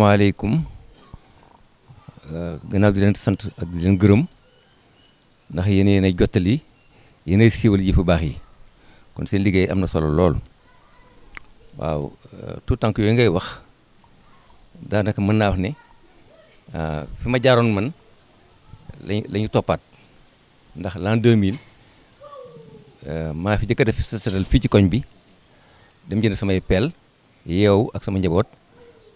asalaamaaleykum euh, gannaaw di leen sant ak di gërëm ndax yéen yéen ay jottali yéen ay siiwal ji fu baax yi kon seen liggéey am na solo lool waaw euh, tout tànk yooyu ngay wax daanaka mën naa wax ne euh, fi ma jaaroon man lañ la toppaat ndax l'an 2000 maa fi jëkk def sa setal fii ci koñ bi dem jënd samay peel yeew ak sama njaboot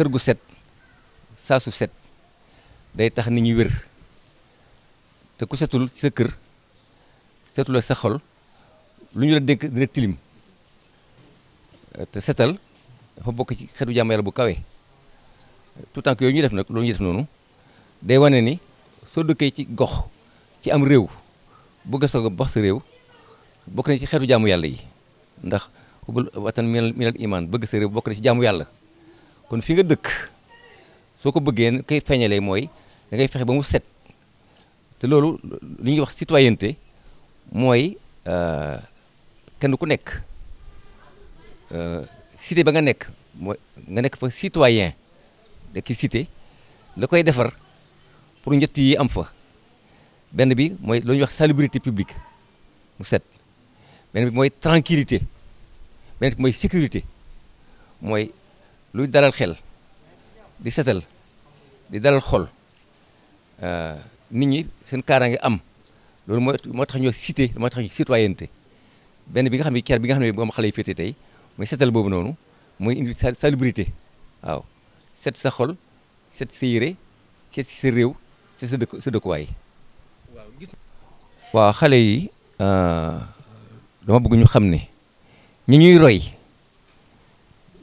kër gu set saa set day tax nit ñi wér te ku setul sa kër setuloo sa xol lu ñu la dénk dina tilim te setal dafa bokk ci xetu jàmm yàlla bu kawe tout temps que ñuy def nag loolu ñuy def noonu day wane ni soo dëkkee ci gox ci am réew bëgg sa box sa réew bokk na ci xetu jàmm yàlla yi ndax xubul watan minal minal iman bëgg sa réew bokk na ci jàmm yàlla kon fi nga dëkk soo ko bëggee koy feeñalee mooy da ngay fexe ba mu set te loolu li ñuy wax citoyenneté mooy euh, kenn ku nekk euh, cité ba nga nekk mooy nga nekk fa citoyen da ki cité la koy defar pour njëtt yi am fa benn bi mooy lu ñuy wax salubrité publique mu set benn bi mooy tranquillité benn bi mooy sécurité mooy luy dalal xel di setal di dalal xol euh, nit ñi seen kaaraange am loolu mooy moo tax ñu cité moo tax citoyenneté benn bi nga xam ne ker bi nga xam ne moom xale yi féete tey mooy setal boobu noonu mooy indi salubrité waaw set sa xol set sa yére set sa réew set sa dëkk sa dëkkuwaay. waaw gis waaw xale yi euh, dama bëgg ñu xam ne ñi ñuy roy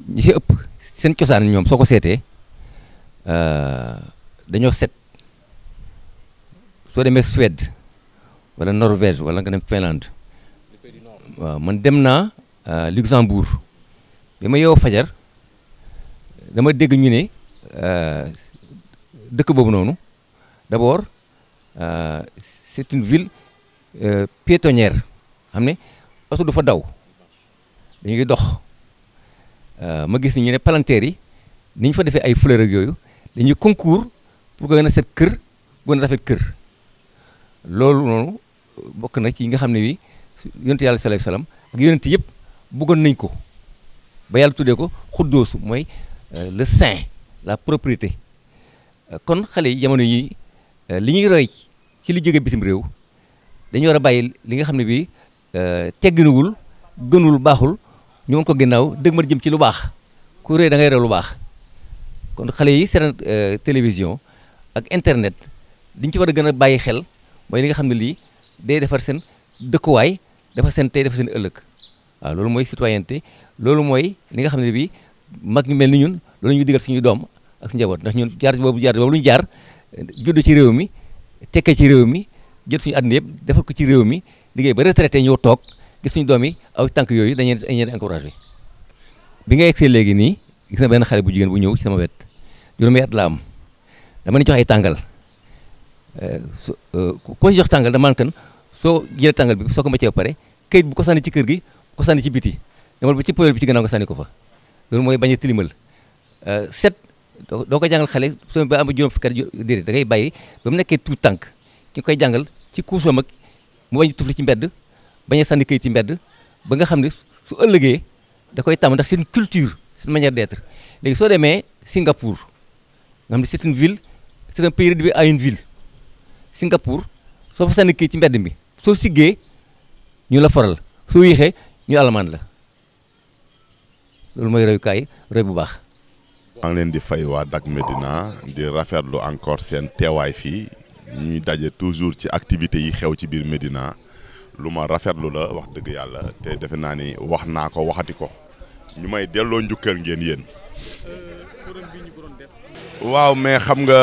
ñi ci ëpp. seen cosaan ñoom soo ko seetee euh, dañoo set soo demee Suède wala Norvège wala nga dem Finlande man dem naa euh, Luxembourg bi ma yow fajar dama dégg ñu ne euh, dëkk boobu noonu d'abord c'est une ville piétonnière xam ne oto du fa daw dañuy dox Euh, ma gis ni ñu ne palanteer yi ni ñu fa defee ay fleur ak yooyu dañuy concours pour que gën a set kër gën a rafet kër loolu noonu bokk na ci yi nga xam ne bi yonent yàlla sallallahu alayhi wasallam ak yonent yëpp bëggoon nañ ko ba yàlla tuddee ko xuddoosu mooy euh, le saint la propriété euh, kon xale yi jamono yi li ñuy roy ci li jógee bitim réew dañu war a bàyyi li nga xam ne bii tegginuwul gënul baaxul. ñu woon ko ginnaaw dëgg ma jëm ci lu baax ku rëy da ngay lu baax kon xale yi seen euh, télévision ak internet diñ ci war a gën a bàyyi xel mooy li nga xam ne lii day defar seen dëkkuwaay dafa seen tey defar seen ëllëg waaw loolu mooy citoyenneté loolu mooy li nga xam ne bii mag ñu mel ni ñun loolu ñu digal suñu doom ak suñu ndax ñun jaar boobu jaar boobu lu ñu jaar judd ci réew mi tekkee ci réew mi jël suñu àddina yëpp defar ko ci réew mi liggéey ba retraité ñëw toog gis suñu doom yi aw tànk yooyu dañu leen encouragé bi nga egsee léegi nii gis na benn xale bu jigéen bu ñëw ci sama wet juróomi at la am dama ni jox ay tàngal eh, eh, koo si jox tàngal dama kan so jëlee tangal bi so ko mëccee ba pare kayit bu ko sànni ci kër gi ko sànni ci biti demal ba ci poubelle bi ci gannaaw nga sànni ko fa loolu mooy bañ a tilimal eh, set doo ko jangal xale so ba am juróom fukki at déedéet da ngay bàyyi ba mu nekkee tuut tànk ñu koy jàngal ci kuusam ak mu bañ tufli ci mbedd bañ a sànni kayit ci mbedd ba nga xam ne su ëllëgee da koy tàmm ndax seen culture seen manière d'être léegi soo demee Singapour nga xam ne c'est une ville c'est un pays réduit à une ville Singapour soo fa sànni kayit ci mbedd mi soo siggee ñu la foral soo yéexee ñu alamaan la loolu mooy royukaay roy bu baax. maa ngi leen di fay waa Dak Médina di rafetlu encore seen teewaay fii ñuy daje toujours ci activité yi xew ci biir Médina. lu ma rafetlu la wax dëgg yàlla te defe naa ni wax naa ko waxati ko ñu may delloo njukkal ngeen yéen. waaw mais xam nga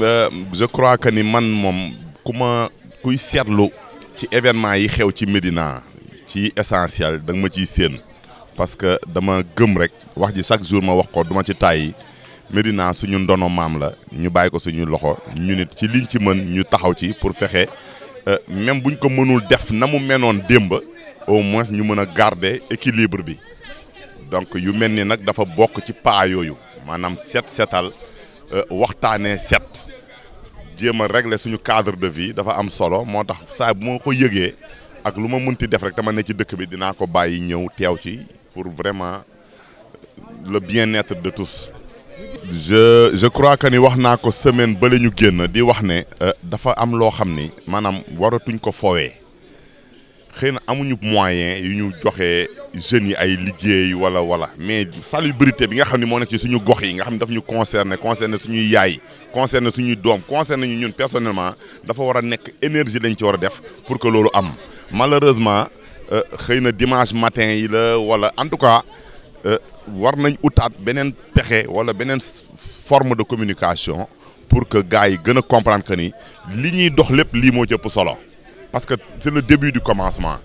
euh, je crois que ni man moom ku ma kuy seetlu ci événement yi xew ci Médina ci essentiel da nga ma ciy séen parce que dama gëm rek wax ji chaque jour ma wax ko duma ci tàyyi Médina suñu ndono maam la ñu bàyyi ko suñu loxo ñu nit ci liñ ci mën ñu taxaw ci pour fexe. Euh, même buñ ko mënul def namu mënon demba au moins ñu mëna garder équilibre bi donc yu melni nak dafa bok ci pa yoyu manam set setal euh, waxtane set jéem régler suñu cadre de vie dafa am solo motax sa bu ma ko yëgee ak luma mënti def rek dama ne ci dëkk bi dina ko bayyi ñëw teew ci pour vraiment le bien-être de tous je je crois que ni waxna ko semaine ba la ñu génn di wax ne euh, dafa am lo xamni manam waratuñ ko fowé xeyna amuñu moyen yu ñu joxe jeunes yi ay liggéey wala wala mais salubrité bi nga xamni mo nek ci suñu gox yi nga xamni ne daf ñu concerné concerné suñuy yaay concerner suñu dom concerner ñun personnellement dafa wara nek énergie lañ ci wara def pour que lolu am malheureusement euh, xeyna dimanche matin yi la wala en tout cas euh, war nañ benen beneen wala benen forme de communication pour que gaay gëna comprendre que ni li ñuy dox lepp li mo jëpp solo parce que c'est le début du commencement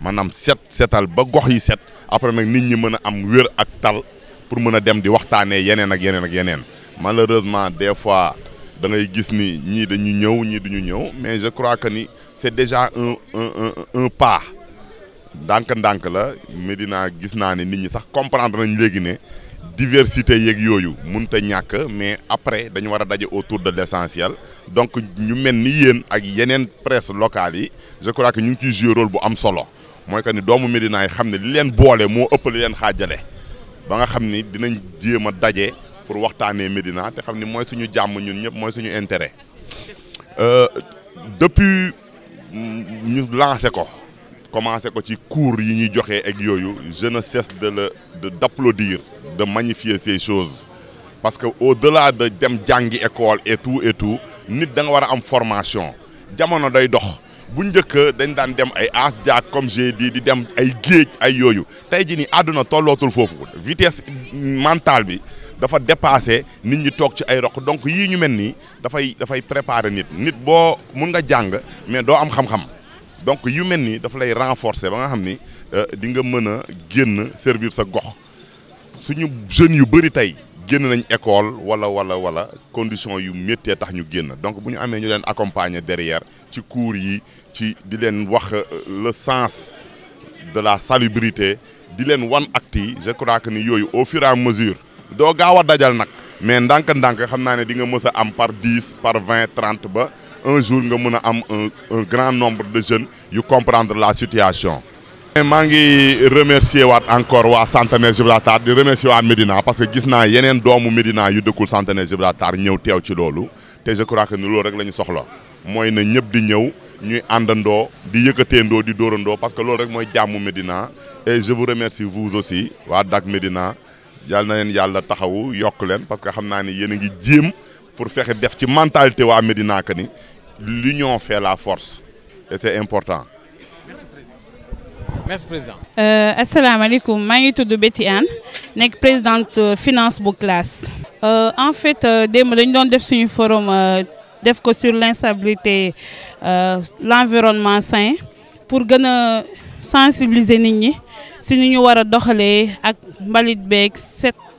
manam set setal ba gox yi set après nag nit ñi mëna am wër ak tal pour mëna dem di waxtané yenen ak yenen ak yenen malheureusement des fois da ngay gis ni ñi dañu ñëw ñi duñu ñëw mais je crois que ni c'est déjà un un un un pas dank dank la medina gis na ni nit ñi sax comprendre nañ légui ne diversité yeeg yoyu munta ñak mais après dañu wara dajé autour de l'essentiel donc ñu melni yeen ak yenen presse locale yi je crois que ñu ngi ciy jouer rôle bu am solo moy que ni doomu medina yi xam ne li leen boole moo ëpp li leen xaajale ba nga xamni dinañ jéem a daje pour waxtané medina té xamni moy suñu jamm ñun ñëpp moy suñu intérêt euh depuis mm, ñu lancé ko commencé ko ci cours yi ñi joxé ak yoyu je ne cesse de le de d'applaudir de magnifier ces choses parce que au-delà de dem jangui école et tout et tout nit da nga wara am formation jamono doy dox bu ñëkk dañ daan dem ay as jaag comme j'ai dit di dem ay geej ay yoyu tey jii nii àdduna tollootul fofu, vitesse mentale bi dafa dépasser nit ñi tok ci ay roq donc yi ñu da fay da fay préparer nit nit bo mun nga jang mais do am xam-xam donc yu mel ni dafa lay renforcer ba nga xam ni euh, di nga mën a génn servir sa gox suñu jeune yu bëri tey génn nañ école wala wala wala condition yu méttee tax ñu génn donc bu ñu amee ñu leen accompagner derrière ci cours yi ci di leen wax euh, le sens de la salubrité di leen wan acte yi je crois que ni yooyu au fur et à mesure doo gaaw a dajal nag mais ndànk-ndànk xam naa ne di nga mës a am par 10 par 20 30 ba un jour nga mëna am un un grand nombre de jeunes yu comprendre la situation. maa ngi remercier wat encore wa Centenaire Gibraltar di remercier wa medina parce que gis naa yeneen doomu medina yu dekkul Centenaire Gibraltar ñew teew ci lolu té je crois que nous loolu rek lañu soxlo moy na ñëpp di ñew ñuy andando di yëkkateendoo di dorando, parce que loolu rek moy jàmmu Medina, et je vous remercie vous aussi wa Dak medina yalla na len yalla taxawu yok leen parce que xamna ni yene ngi jéem pour faire def ci mentalité à Médina l'union fait la force et c'est important. merci président. Euh, Assalamu alaikum, ngi de Betty Anne nek présidente euh, finance Bouclas. classe. Euh, en fait nous avons fait un forum sur l'instabilité l'environnement sain pour sensibiliser nit ñi si nous ñu fait un ak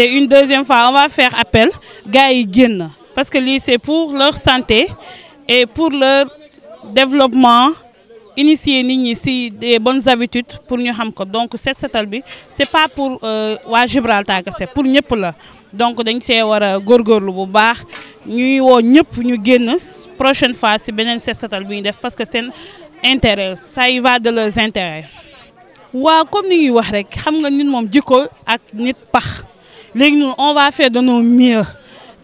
Et une deuxième fois on va faire appel gars yi parce que c'est pour leur santé et pour leur développement initier les des bonnes habitudes pour nous. xam donc cette salle, bi c'est pas pour euh, waa Gibraltar c'est pour nous. la donc dañ see war a góorgóorlu bu baax ñuy woo ñëpp ñu la prochaine fois c'est beneen set bi parce que un intérêt ça y va de leurs intérêts. waaw comme nous ñuy wax rek xam nga nit des ak nit pax léegi ñun on va faire de nos mieux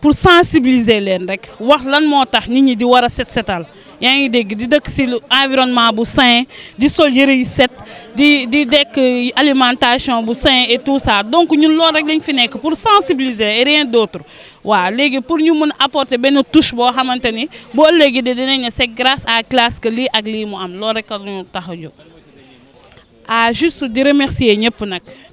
pour sensibiliser leen rek wax lan ni tax nit ñi di war a set setal yaa ngi dégg di dëkk si environnement bu sain di sol yëre yu set di di dekk alimentation bu sain et tout ça donc ñun loolu rek lañ fi pour sensibiliser et rien d'autre wa léegi pour ñu mon apporter ben touche boo xamante ni boo léegi de dinañ ne c'est grâce à classe que lii ak lii mu am loolu rek a ñu tax ah juste di remercier ñëpp nag.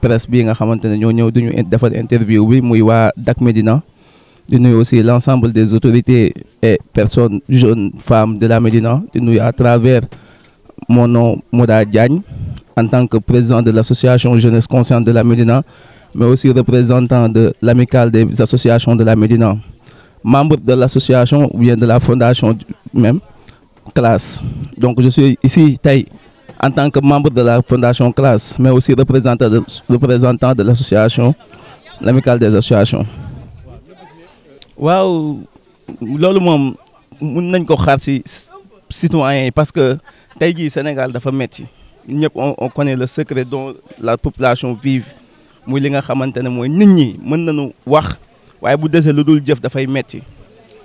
presse bi nga xamantene nous ñoo ñëw duñu defal interview bi muy Dak medina Nous nuyu aussi l'ensemble des autorités et personnes jeunes femmes de la Médina nous nuyu à travers mon nom Moda Diagne en tant que président de l'association jeunesse consciente de la Médina mais aussi représentant de l'amicale des associations de la Médina membre de l'association ou bien de la fondation même classe donc je suis ici taille en tant que membre de la Fondation Classe, mais aussi représentant de, représentant de l'association, l'amicale des associations. waaw loolu mom mun nañ ko xaar ci citoyens parce que tay jii Sénégal dafa metti métier. on connaît le secret dont la population vive muy li nga xamantene moy nit ñi mën nañu wax waye bu déssé lu dul jëf dafay metti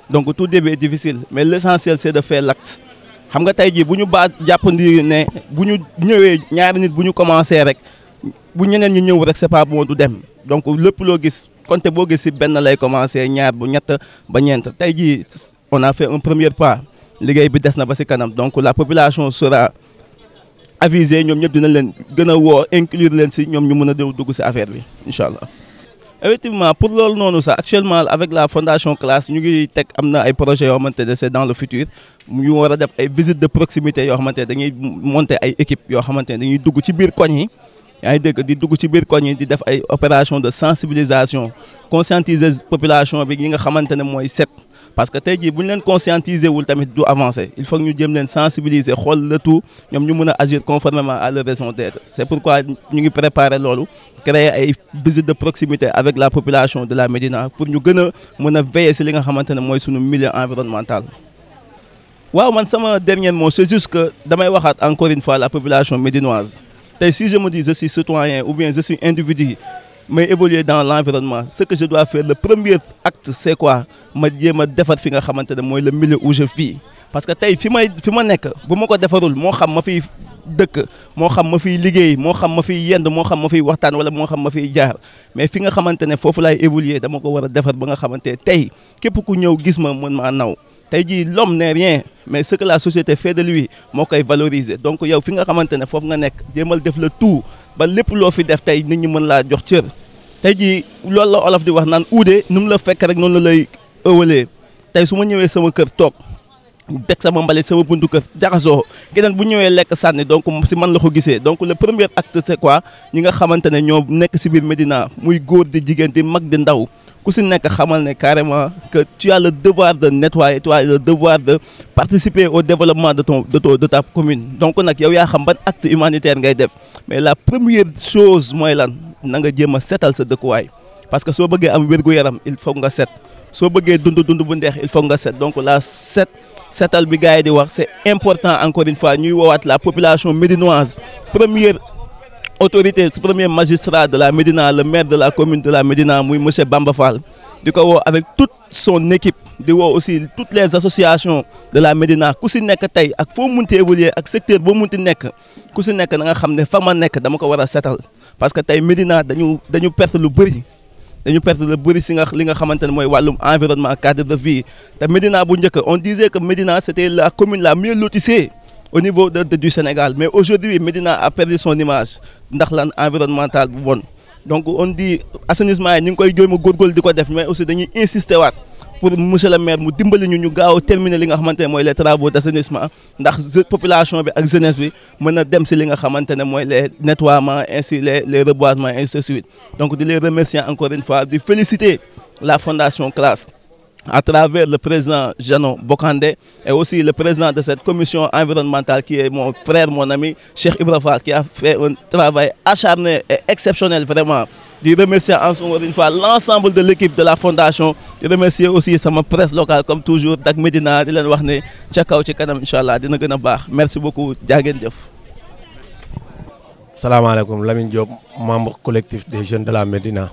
donc tout début est difficile mais l'essentiel c'est de faire l'acte xam nga tey jii bu ñu baa jàppandi ne bu ñu ñëwee ñaari nit bu ñu commencé rek bu ñeneen ñi ñëw rek c'est pas bon du dem donc lépp loo gis compte boo gis si benn lay commencé ñaar bu ñett ba ñeent tey jii on a fait un premier pas liggéey bi des na ba si kanam donc la population sera avisée ñoom ñëpp dina leen gën a woo inclure leen si ñoom ñu mën a déglu dugg si affaire bi incha allah effectivement pour loolu nous sommes actuellement avec la fondation classe nous ngi des ay projets dans le futur Nous avons a def visites de proximité nous xamante dañuy monter ay équipe yoo xamante ne dañuy dugg ci biir koñ yi de sensibilisation conscientiser population nous yi nga 7 parce que si jii bu leen conscientiser wul tamit du avancer il faut que ñu jëm leen sensibiliser nous le tout ñu mëna agir conformément à leur raison d'être C'est pourquoi nous ngi préparer lolu créer ay visite de proximité avec la population de la Médina pour ñu nous veillions à veiller nous li nga xamantene moy suñu milieu environnemental. waaw man sama dernier mot c'est juste que damay encore une fois la population médinoise si je me dis je suis citoyen ou bien je suis individu mais évoluer dans l'environnement. Ce que je dois faire, le premier acte, c'est quoi Je dois faire le milieu où je vis. Parce que aujourd'hui, si je suis là, si je ne le fais pas, je sais dëkk moo xam ma fiy liggéey moo xam ma fiy yend moo xam ma fiy waxtaan wala moo xam ma fiy jaar mais fi nga xamante ne foofu laay évoluer dama ko war a defar ba nga xamante ne tey képp ku ñëw gis ma mën maa naw tey jii l'homme n'est rien mais ce que la société fait de lui moo koy valoriser donc yow fi nga xamante ne foofu nga nekk jéemal def le tout ba lépp loo fi def tey nit ñi mën laa jox cër tey jii loolu la olof di wax naan uude nu mu la fekk rek noonu la lay ëwalee tey su ma ñëwee sama kër toog teg sama mbalit sama buntu kër jaxasoo keneen bu ñëwee lekk sànni donc si man la ko gisee donc le premier acte c'est quoi ñi nga xamante ne ñoo nekk si biir Médina muy góor di jigéen di mag di ndaw cousine carrément que tu as le devoir de nettoyer tu as le devoir de participer au développement de ton de ta commune donc nag yow y xam ban acte humanitaire ngay mais la première chose moi lan na nga jéem a setal de parce que si bëggee am wér il faut nga set soo il faut donc la set setal bi c'est important encore une fois nous woowaat la population médinoise première autorité su premier magistrat de la Médina le maire de la commune de la Médina M. monsieur Bamba Fall di ko avec toute son équipe di woo aussi toutes les associations de la Médina ku si nekk tey ak foo munti évoluer ak secteur boo munti nekk ku si nekk là, nga xam ne fa ma nekk dama ko war a parce que la Médina dañu dañu perte lu bëri dañu perte beaucoup de si nga li nga xamante ne mooy environnement cadre de vie La Médina bu on disait que Médina c'était la commune la mieux lotissée au niveau de, du Sénégal. Mais aujourd'hui, Medina a perdu son image dans l'environnemental. Donc on dit assainissement, nous avons fait des choses, mais aussi nous insister pour monsieur le maire mu dimbali ñu ñu gaaw terminer li nga les travaux d'assainissement dans la population avec ak jeunesse bi mën dem li nga les nettoiements ainsi les les reboisements ainsi de suite donc je les remercie encore une fois de féliciter la fondation CLASS à travers le président Janon Bokande et aussi le président de cette commission environnementale qui est mon frère, mon ami, Cheikh Ibrafa, qui a fait un travail acharné et exceptionnel vraiment. Je remercie encore une fois l'ensemble de l'équipe de la fondation. Je remercie aussi sa presse locale comme toujours, Dag Medina, Dylan Warne, Tchakao Inch'Allah, Dina Merci beaucoup, Djagen Salam alaikum, Lamine Diop, membre collectif des jeunes de la Medina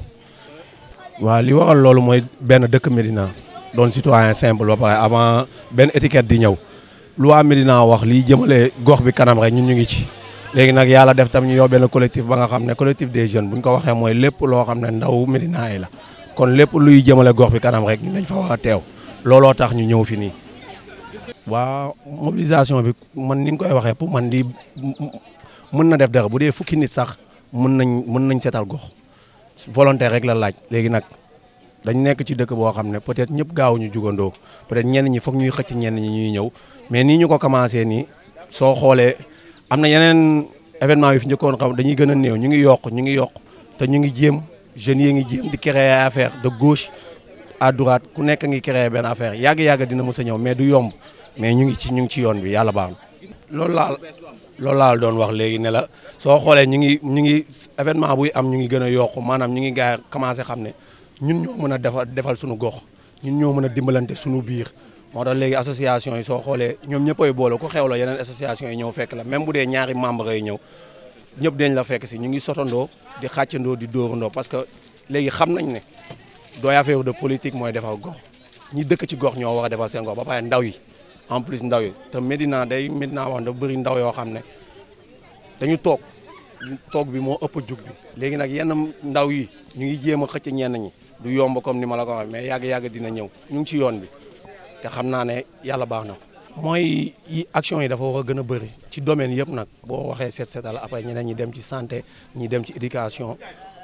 ce que je veux dire, c'est doon citoyen simple ba pare avant benn étiquette di ñëw lu waa Médina wax lii jëmale gox bi kanam rek ñun ñu ngi ci. léegi nag yàlla def tam ñu yow benn collectif ba nga xam ne collectif des jeunes bu ñu ko waxee mooy lépp loo xam ne ndaw Médina yi la kon lépp luy jëmale gox bi kanam rek ñun dañ fa wax a teew looloo tax ñu ñëw fi nii. waaw mobilisation bi man ni koy waxee pour man di mën na def dex bu dee fukki nit sax mën nañ mën nañ seetal gox volontaire rek la laaj léegi nag. dañ nekk ci dëkk boo xam ne peut-être ñëpp gaawuñu jugandoo peut-être ñenn ñi foog ñuy xëcc ñenn ñi ñuy ñëw mais nii ñu ko commencé nii soo xoolee am na yeneen événement yu fi njëkkoon xam dañuy gën a néew ñu ngi yokk ñu ngi yokk te ñu ngi jéem jeunes yi ngi jéem di créer affaire de gauche à ku nekk ngi créer benn affaire yàgg-yàgg dina mës a ñëw mais du yomb mais ñu ngi ci ñu ngi ci yoon bi yàlla baax loolu laal loolu laal doon wax léegi ne la soo xoolee ñu ngi ñu ngi événement buy am ñu ngi gën a yokk maanaam ñu ngi gaa commencé xam ne ñun ñoo mën a defal defal suñu gox ñun ñoo mën a dimbalante suñu biir moo tax léegi association yi soo xoolee ñoom ñëppay boole ku xew la yeneen association yi ñëw fekk la même bu dee ñaari membre yi ñëw ñëpp dañ la fekk si ñu ngi sotandoo di xàccandoo di dóorandoo parce que léegi xam nañ ne dooy affaire de politique mooy defal gox ñi dëkk ci gox ñoo war a defal seen gox ba pare ndaw yi en plus ndaw yi te Médina day Médina wax da bëri ndaw yoo xam ne dañu toog toog bi moo ëpp jug léegi nag yenn ndaw yi ñu ngi jéem a xëcc ñenn ñi du yomb comme ni ma la ko mais yàgg-yàgg dina ñëw ñu ngi ci yoon bi te xam naa ne yàlla baax na ko mooy yi action yi dafa war a gën a bëri ci domaine yëpp nag boo waxee seet seetal après ñeneen ñi dem ci santé ñi dem ci éducation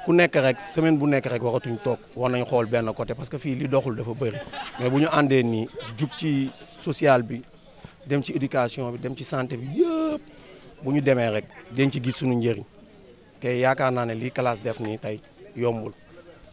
ku nekk rek semaine bu nekk rek waxatuñ toog war nañ xool benn côté parce que fii li doxul dafa bëri mais bu ñu àndee nii jub ci social bi dem ci éducation bi dem ci santé bi yëpp bu ñu demee rek dañ ci gis suñu njëriñ te yaakaar naa ne lii classe def nii tey yombul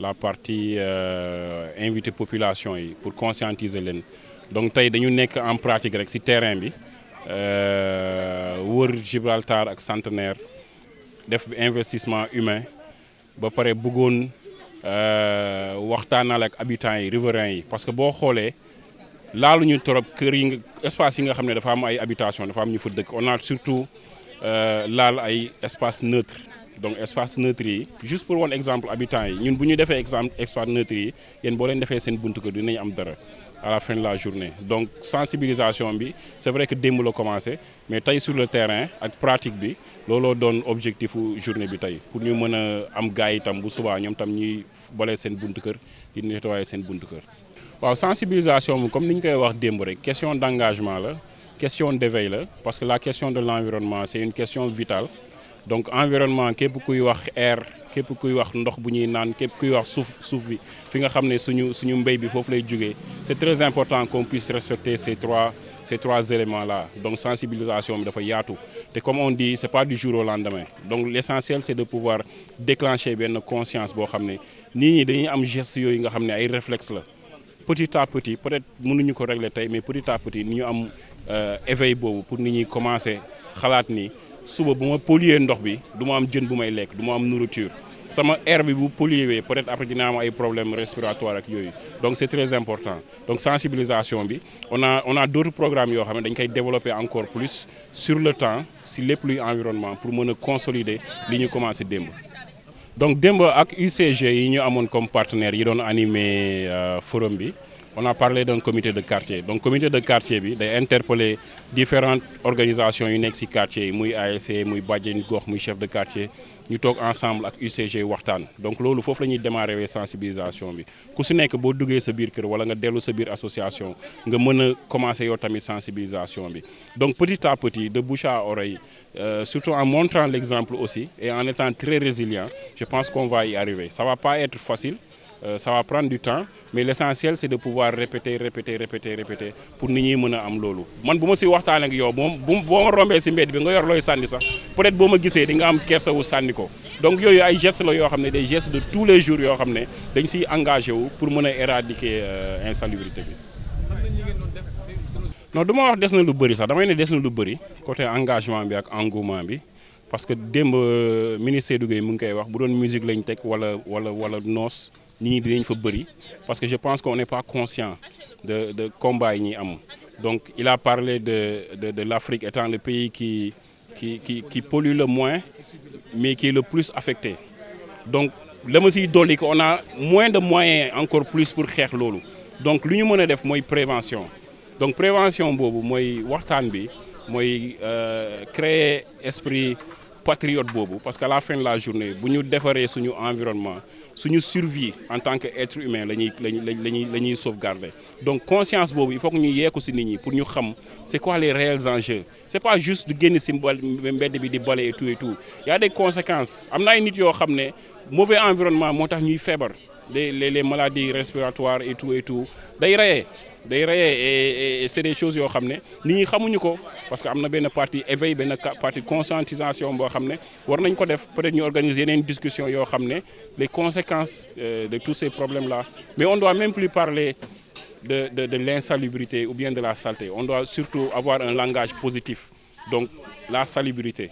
la partie euh, invité population pour conscientiser len donc tay dañu nek en pratique rek ci terrain bi euh, wër Gibraltar ak Centenaire def investissement humain ba bëggone euh waxtaanal ak habitants yi riverains parce que boo xoolee laaluñu trop kër yi espace yi nga xamné dafa am ay habitation dafa am ñu fa on a surtout euh, laal ay espace neutre donc espace neutre juste pour un exemple habitants yi ñun bu ñu defee exemple espace neutre yi yéen boo leen defee seen buntu dinañ à la fin de la journée donc sensibilisation bi c'est vrai que démb la commencé mais tey sur le terrain ak pratique bi looloo doon objectif journée bi tey pour ñu mën a am gars yi tam bu subaa ñoom tam ñuy à seen buntu kër di nettoyer seen buntu kër. waaw sensibilisation comme nous koy wax une question d'engagement une question d'éveil parce que la question de l'environnement c'est une question vitale donc environnement képp kuy wax air képp kuy wax ndox bu ñuy naan képp kuy wax suuf suuf bi fi nga xam ne suñu suñu mbéy bi foofu lay c'est très important qu'on puisse respecter ces trois ces trois éléments là donc sensibilisation bi dafa yaatu te comme on dit c'est pas du jour au lendemain donc l'essentiel c'est de pouvoir déclencher benn conscience boo xam ne nit ñi dañuy am gestes yooyu nga xam ne ay réflexes petit à petit peut-être mënuñu ko régler tey mais petit à petit nous ñu am euh, éveil pour nit ñi commencer xalaat ni suba bu ma polluer ndox bi du ma am jeun bu am nourriture sama air bi bu polluer peut-être après dina problèmes respiratoires ak donc c'est très important donc sensibilisation on a on a d'autres programmes qui xamné dañ développer encore plus sur le temps sur les pluies environnement pour mën consolider li ñu commencé demb donc demb ak UCG yi ñu amone comme partenaire yi doon animer euh, forum on a parlé d'un comité de quartier donc comité de quartier bi interpellé différentes organisations yu nekk ci quartier yi muy ASC muy bàjjenu gox muy chef de quartier Nous sommes ensemble avec UCG Wartan. donc il faut que nous démarrer la sensibilisation bi si vous boo sa biir kër wala nga dellu sa association nga mën commencer yow tamit sensibilisation donc petit à petit de bouche à oreille euh, surtout en montrant l'exemple aussi et en étant très résilient je pense qu'on va y arriver ça va pas être facile euh, ça va prendre du temps mais l'essentiel c'est de pouvoir répéter répéter répéter répéter pour que nous gens puissent am ça. man si yow vous être donc gestes des gestes de tous les jours yo vous engagé pour éradiquer euh, insalubrité non côté engagement bi engouement parce que le euh, ministre du musique lañ wala ni parce que je pense qu'on n'est pas conscient de de combat donc il a parlé de de l'Afrique étant le pays qui qui qui pollue le moins mais qui est le plus affecté donc le monsieur on a moins de moyens encore plus pour faire l'eau donc l'union ñu mën faire prévention donc prévention c'est mooy bi euh, créer esprit patriote bobo parce qu'à la fin de la journée nous devons notre environnement suñu survie en tant que humains, humain les sauvegardons. sauvegarder donc conscience il faut que nous soyons ci nit ñi pour ñu xam c'est quoi les réels enjeux c'est pas juste de gagner ci mbedd bi di et tout et tout il y a des conséquences Nous avons ay nit yo mauvais environnement nous ñuy les maladies respiratoires et tout et tout et c'est des choses yo xamné ne Nous ñi xamuñu ko parce que y ben une partie éveil conscientisation Nous xamné war nañ ko def peut-être ñu organiser une discussion sur les conséquences euh, de tous ces problèmes là mais on doit même plus parler de de l'insalubrité ou bien de la saleté on doit surtout avoir un langage positif donc la salubrité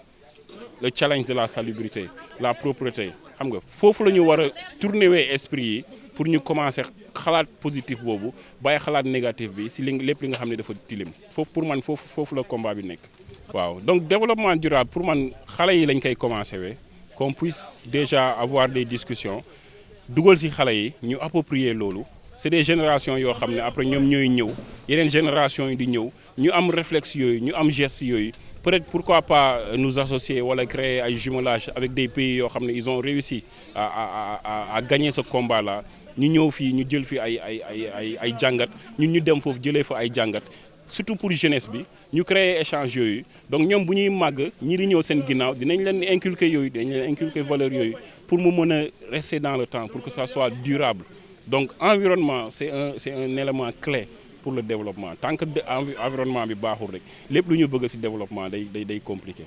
le challenge de la salubrité la propreté Il faut que nous ñu tourner esprit pour nous commencer xalaat positif bobu baye xalaat négatif bi si li lépp li nga xamné dafa tilim fofu pour man fofu fofu la combat bi nek waaw donc développement durable pour man xalé yi lañ koy commencer wé qu'on puisse déjà avoir des discussions dougal ci xalé yi ñu approprier lolu c'est des générations yo xamné après ñom ñoy ñëw yeneen générations yi di ñëw ñu am réflexe yooyu ñu am geste peut-être pourquoi pas nous associer wala créer ay jumelage avec des pays yo xamné ils ont réussi à à à à gagner ce combat-là nous ñëw fii ñu jël fi ay ay ay ay ay jàngat ñun ñu dem foofu jëlee fa ay jàngat surtout pour jeunesse bi ñu créer échange yooyu donc ñoom bu ñuy màgg ñi di ñëw seen ginnaaw dinañ leen inculquer yooyu dinañ leen inculquer valeurs yooyu pour mu mën rester dans le temps pour que ça soit durable donc environnement c'est un un élément clé pour le développement tant que environnement bi baaxul rek lépp lu ñu bëgg ci développement day day compliqué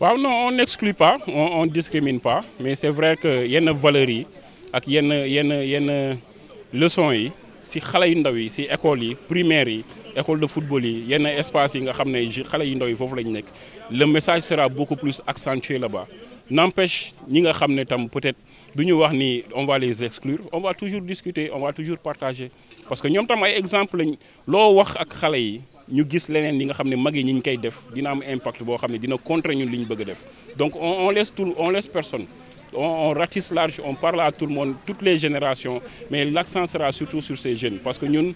waaw non on n'exclut pas on ne discrimine pas mais c'est vrai que a une yi ak yenn yenn yenn leçon yi si xale yu ndaw yi si école yi primaire yi école de football yi yenn espace yi nga xam ne xale yu ndaw yi foofu lañu nekk le message sera beaucoup plus accentué là-bas n'empêche ñi nga xam ne tam peut-être du ñu wax ni on va les exclure on va toujours discuter on va toujours partager parce que ñoom tam ay exemple lañ loo wax ak xale yi ñu gis leneen li nga xam ne mag yi ñi ñu koy def dina am impact boo xam ne dina contrer ñun li ñu bëgg a def donc on on laisse tout on laisse personne on, ratisse large, on parle à tout le monde, toutes les générations, mais l'accent sera surtout sur ces jeunes. Parce que nous,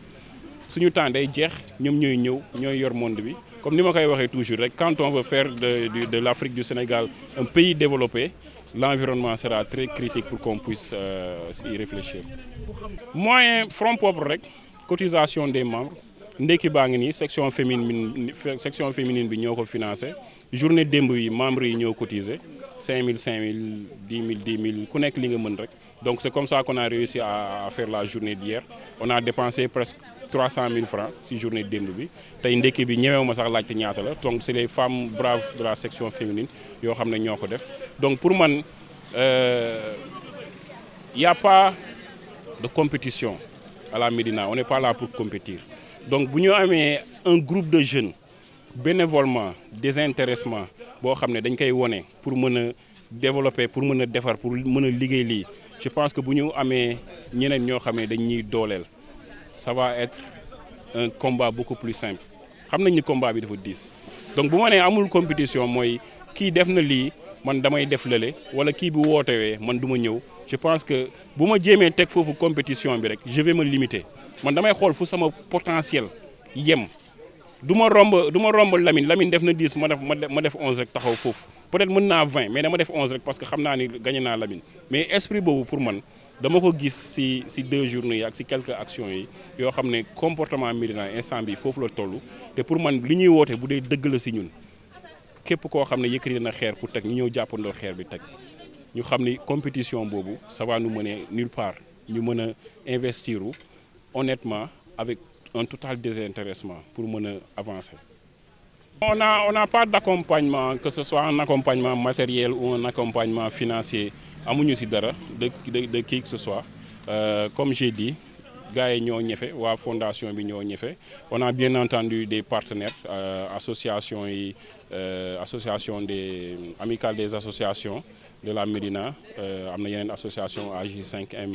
suñu temps day jeex nous ñooy nous les yor monde comme nous, ma koy toujours quand on veut faire de l'Afrique du Sénégal un pays développé l'environnement sera très critique pour qu'on puisse euh, y réfléchir moyen front propre cotisation des membres ndeki baa section féminine section féminine bi ñoko journée demb yi membres yi ñoo cotisé 5000 5000 10 000 10 000 ku nek li nga donc c'est comme ça qu'on a réussi à faire la journée d'hier on a dépensé presque 300 000 francs si journée demb bi tay bi donc c'est les femmes braves de la section féminine yo xamné ñoko def donc pour moi, il n'y a pas de compétition à la Médina on n'est pas là pour compétir donc bu ñu amee un groupe de jeunes bénévolement désintéressement boo xam ne dañ koy wone pour mën a développer pour mën a defar pour mën a liggéey lii je pense que bu ñu amee ñeneen ñoo xam dañ ñuy dooleel ça va être un combat beaucoup plus simple xam nañ ni combat bi dafa diis donc bu ma nee amul compétition mooy kii def na lii man damay def lële wala kii bi wootewee man du ma ñëw je pense que bu ma jéemee teg foofu compétition bi rek je vais me limiter man damay xol fu sama potentiel yem duma ma romb du romb Lamine Lamine def na 10 ma def ma def 11 rek taxaw foofu peut-être mën na 20 mais dama def 11 rek parce que xamna ni gagné na Lamine mais esprit bobu pour man dama ko gis ci ci deux journées ak ci quelques actions yi yo xamné comportement militant instant bi foofu la tollu té pour man li ñuy woote bu dee la ci ñun képp koo xam ne yëkkati na xeer pour teg ñu ñëw jàppandoo xeer bi teg ñu xam ni compétition boobu ça va nous mener nulle part ñu mën a investir honnêtement, avec un total désintéressement pour mener avancer. On n'a on a pas d'accompagnement, que ce soit un accompagnement matériel ou un accompagnement financier, à Mounisidara, de, de, de qui que ce soit. Euh, comme j'ai dit, gars ou ou fondation bi on a bien entendu des partenaires euh, associations et euh, et, des amicales des associations de la Médina euh, y a une association ag 5 m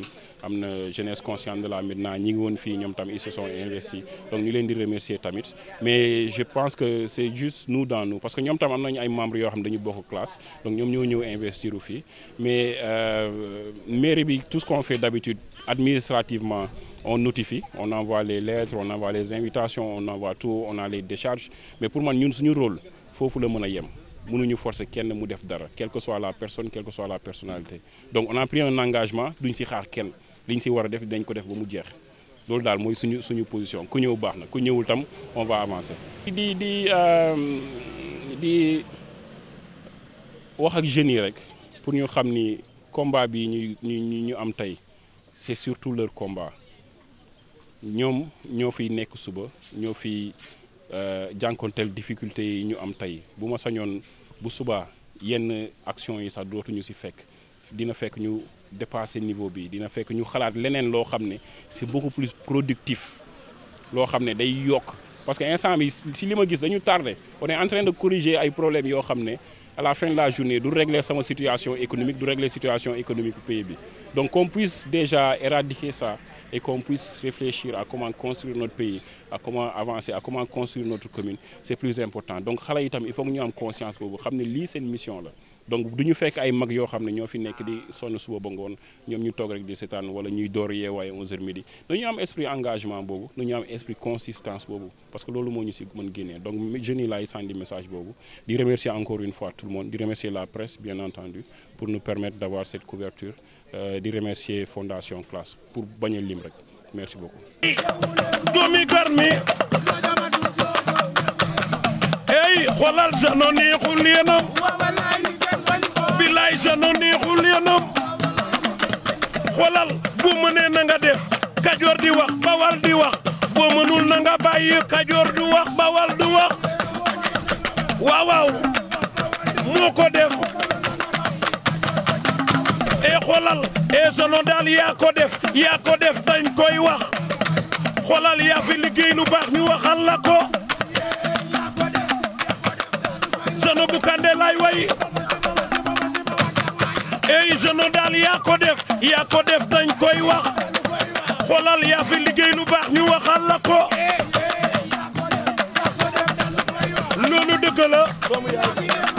une jeunesse consciente de la Médina ils se sont investis donc nous leen di remercier tamit mais je pense que c'est juste nous dans nous parce que nous avons des membres de xam classe donc nous ñoo investi. investir mais euh, tout ce qu'on fait d'habitude administrativement on notifie, on envoie les lettres, on envoie les invitations, on envoie tout, on a les décharges. Mais pour moi, nous, notre rôle, il faut que le mënuñu forcer kenn mu def dara quelle que soit la personne quelle que soit la personnalité donc on a pris un engagement duñ ci xaar kenn liñ ci war a def dañ ko def ba mu jeex loolu daal mooy suñu suñu position ku ñëw baax na ku ñëwul tam on va avancer. di di di euh, wax ak jeunes yi rek pour ñu xam ni combat bi ñu ñu ñu am tey c'est surtout leur combat ñoom ñoo fi nekk suba ñoo fiy euh, jànkonteel difficulté yi ñu am tey bu ma sañoon bu subaa yenn action yi sax ñu si fekk dina fekk ñu dépasser niveau bi dina fekk ñu xalaat leneen loo xam ne c'est beaucoup plus productif loo xam ne day yokk parce que instant bi si li ma gis dañu tardé on est en train de corriger ay problèmes yoo xam ne à la fin de la journée du régler sama situation économique du régler situation économique pays bi donc qu'on puisse déjà éradiquer ça et qu'on puisse réfléchir à comment construire notre pays, à comment avancer, à comment construire notre commune, c'est plus important. Donc il faut que nous ayons conscience pour xam ne avons une mission nous donc nous faisons fekk ay mag yoo xam ne ñoo fi nekk di sonn suba ba ngoon ñu toog rek di seetaan wala ñuy door à 11h nous avons am esprit engagement boobu nous am esprit consistance parce que ce moo ñu si de donc je n'ai pas eu sandi message boobu di remercier encore une fois tout le monde di remercier la presse bien entendu pour nous permettre d'avoir cette couverture euh, de remercier Fondation Classe pour bañ rek merci beaucoup. hey xolal sa no neexul yéenam bilaay sa no neexul yéenam xolal bu mënee na nga def kajoor di wax wal di wax bo mënul na nga bàyyi kajoor du wax wal du wax waaw moo ko def. e xolal e sono daal yaa def yaa def dañ koy wax xolal yaa liggéey lu baax ñu waxal la ko sono bu kande lay way ey sono daal yaa ko def yaa def dañ koy wax xolal yaa liggéey lu baax ñu waxal la ko loolu dëgg la